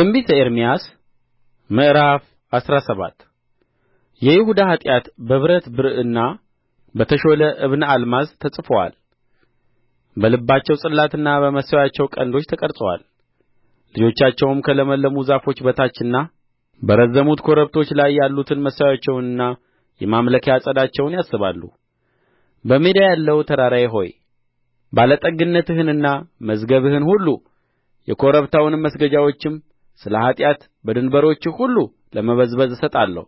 ትንቢተ ኤርምያስ ምዕራፍ አስራ ሰባት የይሁዳ ኃጢአት በብረት ብርዕና በተሾለ ዕብነ አልማዝ ተጽፎአል በልባቸው ጽላትና በመሠዊያቸው ቀንዶች ተቀርጾአል ልጆቻቸውም ከለመለሙ ዛፎች በታችና በረዘሙት ኮረብቶች ላይ ያሉትን መሠዊያቸውንና የማምለኪያ ዐፀዳቸውን ያስባሉ በሜዳ ያለው ተራራዬ ሆይ ባለጠግነትህንና መዝገብህን ሁሉ የኮረብታውንም መስገጃዎችም ስለ ኃጢአት በድንበሮችህ ሁሉ ለመበዝበዝ እሰጣለሁ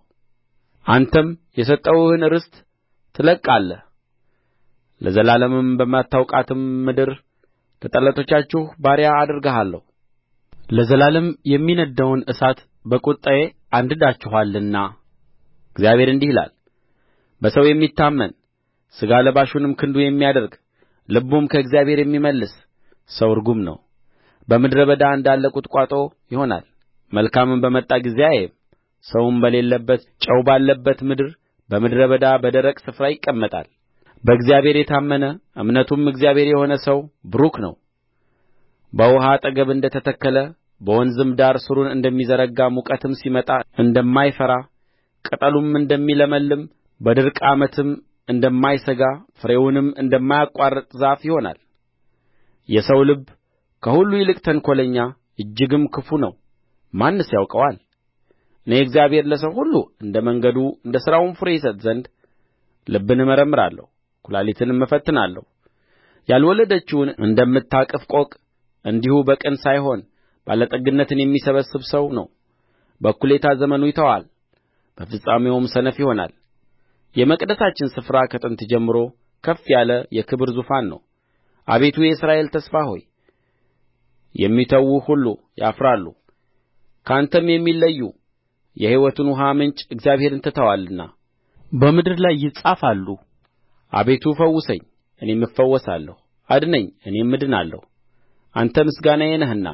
አንተም የሰጠሁህን ርስት ትለቅቃለህ ለዘላለምም በማታውቃትም ምድር ለጠላቶቻችሁ ባሪያ አደርግሃለሁ ለዘላለም የሚነድደውን እሳት በቍጣዬ አንድዳችኋልና እግዚአብሔር እንዲህ ይላል በሰው የሚታመን ሥጋ ለባሹንም ክንዱ የሚያደርግ ልቡም ከእግዚአብሔር የሚመለስ ሰው ርጉም ነው በምድረ በዳ እንዳለ ቍጥቋጦ ይሆናል መልካምም በመጣ ጊዜ አያይም ሰውም በሌለበት ጨው ባለበት ምድር በምድረ በዳ በደረቅ ስፍራ ይቀመጣል በእግዚአብሔር የታመነ እምነቱም እግዚአብሔር የሆነ ሰው ቡሩክ ነው በውኃ አጠገብ እንደ ተተከለ በወንዝም ዳር ሥሩን እንደሚዘረጋ ሙቀትም ሲመጣ እንደማይፈራ ቅጠሉም እንደሚለመልም በድርቅ ዓመትም እንደማይሠጋ ፍሬውንም እንደማያቋርጥ ዛፍ ይሆናል የሰው ልብ ከሁሉ ይልቅ ተንኰለኛ እጅግም ክፉ ነው ማንስ ያውቀዋል እኔ እግዚአብሔር ለሰው ሁሉ እንደ መንገዱ እንደ ሥራውም ፍሬ ይሰጥ ዘንድ ልብን እመረምራለሁ ኵላሊትንም እፈትናለሁ ያልወለደችውን እንደምታቅፍ ቆቅ እንዲሁ በቅን ሳይሆን ባለጠግነትን የሚሰበስብ ሰው ነው በኩሌታ ዘመኑ ይተዋል በፍጻሜውም ሰነፍ ይሆናል የመቅደሳችን ስፍራ ከጥንት ጀምሮ ከፍ ያለ የክብር ዙፋን ነው አቤቱ የእስራኤል ተስፋ ሆይ የሚተዉህ ሁሉ ያፍራሉ ከአንተም የሚለዩ የሕይወትን ውኃ ምንጭ እግዚአብሔርን ትተዋልና በምድር ላይ ይጻፋሉ አቤቱ ፈውሰኝ እኔም እፈወሳለሁ አድነኝ እኔም እድናለሁ አንተ ምስጋናዬ ነህና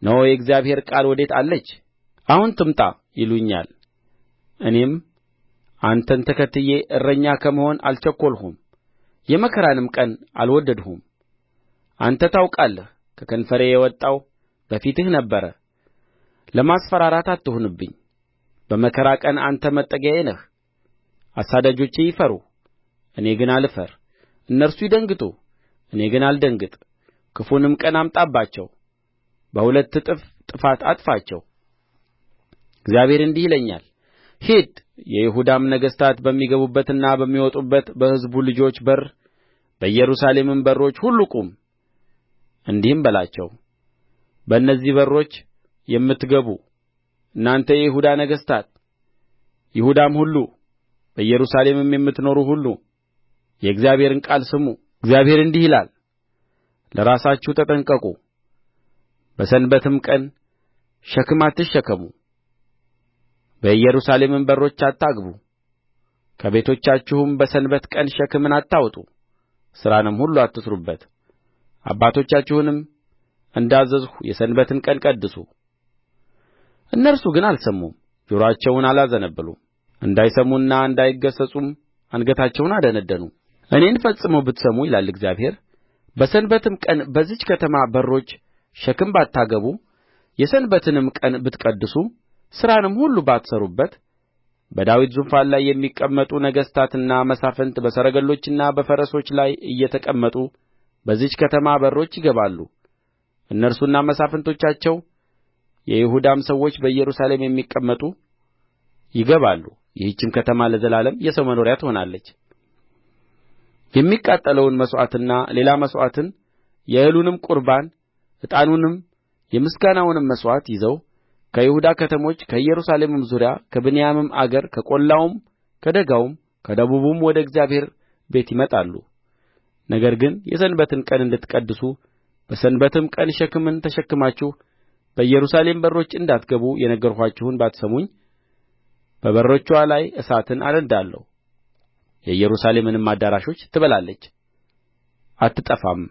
እነሆ የእግዚአብሔር ቃል ወዴት አለች አሁን ትምጣ ይሉኛል እኔም አንተን ተከትዬ እረኛ ከመሆን አልቸኰልሁም የመከራንም ቀን አልወደድሁም አንተ ታውቃለህ ከከንፈሬ የወጣው በፊትህ ነበረ ለማስፈራራት አትሁንብኝ በመከራ ቀን አንተ መጠጊያዬ ነህ አሳዳጆቼ ይፈሩ እኔ ግን አልፈር እነርሱ ይደንግጡ እኔ ግን አልደንግጥ ክፉንም ቀን አምጣባቸው በሁለት እጥፍ ጥፋት አጥፋቸው እግዚአብሔር እንዲህ ይለኛል ሂድ የይሁዳም ነገሥታት በሚገቡበትና በሚወጡበት በሕዝቡ ልጆች በር በኢየሩሳሌምም በሮች ሁሉ ቁም እንዲህም በላቸው በእነዚህ በሮች የምትገቡ እናንተ የይሁዳ ነገሥታት ይሁዳም ሁሉ በኢየሩሳሌምም የምትኖሩ ሁሉ የእግዚአብሔርን ቃል ስሙ እግዚአብሔር እንዲህ ይላል ለራሳችሁ ተጠንቀቁ በሰንበትም ቀን ሸክም አትሸከሙ በኢየሩሳሌምም በሮች አታግቡ ከቤቶቻችሁም በሰንበት ቀን ሸክምን አታውጡ ሥራንም ሁሉ አትሥሩበት አባቶቻችሁንም እንዳዘዝሁ የሰንበትን ቀን ቀድሱ እነርሱ ግን አልሰሙም ጆሮአቸውን አላዘነበሉም እንዳይሰሙና እንዳይገሠጹም አንገታቸውን አደነደኑ እኔን ፈጽሞ ብትሰሙ ይላል እግዚአብሔር በሰንበትም ቀን በዚህች ከተማ በሮች ሸክም ባታገቡ የሰንበትንም ቀን ብትቀድሱ ሥራንም ሁሉ ባትሠሩበት በዳዊት ዙፋን ላይ የሚቀመጡ ነገሥታትና መሳፍንት በሰረገሎችና በፈረሶች ላይ እየተቀመጡ በዚህች ከተማ በሮች ይገባሉ እነርሱና መሳፍንቶቻቸው የይሁዳም ሰዎች በኢየሩሳሌም የሚቀመጡ ይገባሉ ይህችም ከተማ ለዘላለም የሰው መኖሪያ ትሆናለች የሚቃጠለውን መሥዋዕትና ሌላ መሥዋዕትን የእህሉንም ቍርባን ዕጣኑንም የምስጋናውንም መሥዋዕት ይዘው ከይሁዳ ከተሞች ከኢየሩሳሌምም ዙሪያ ከብንያምም አገር ከቈላውም ከደጋውም ከደቡቡም ወደ እግዚአብሔር ቤት ይመጣሉ ነገር ግን የሰንበትን ቀን እንድትቀድሱ በሰንበትም ቀን ሸክምን ተሸክማችሁ በኢየሩሳሌም በሮች እንዳትገቡ የነገርኋችሁን ባትሰሙኝ በበሮችዋ ላይ እሳትን አነድዳለሁ የኢየሩሳሌምንም አዳራሾች ትበላለች አትጠፋም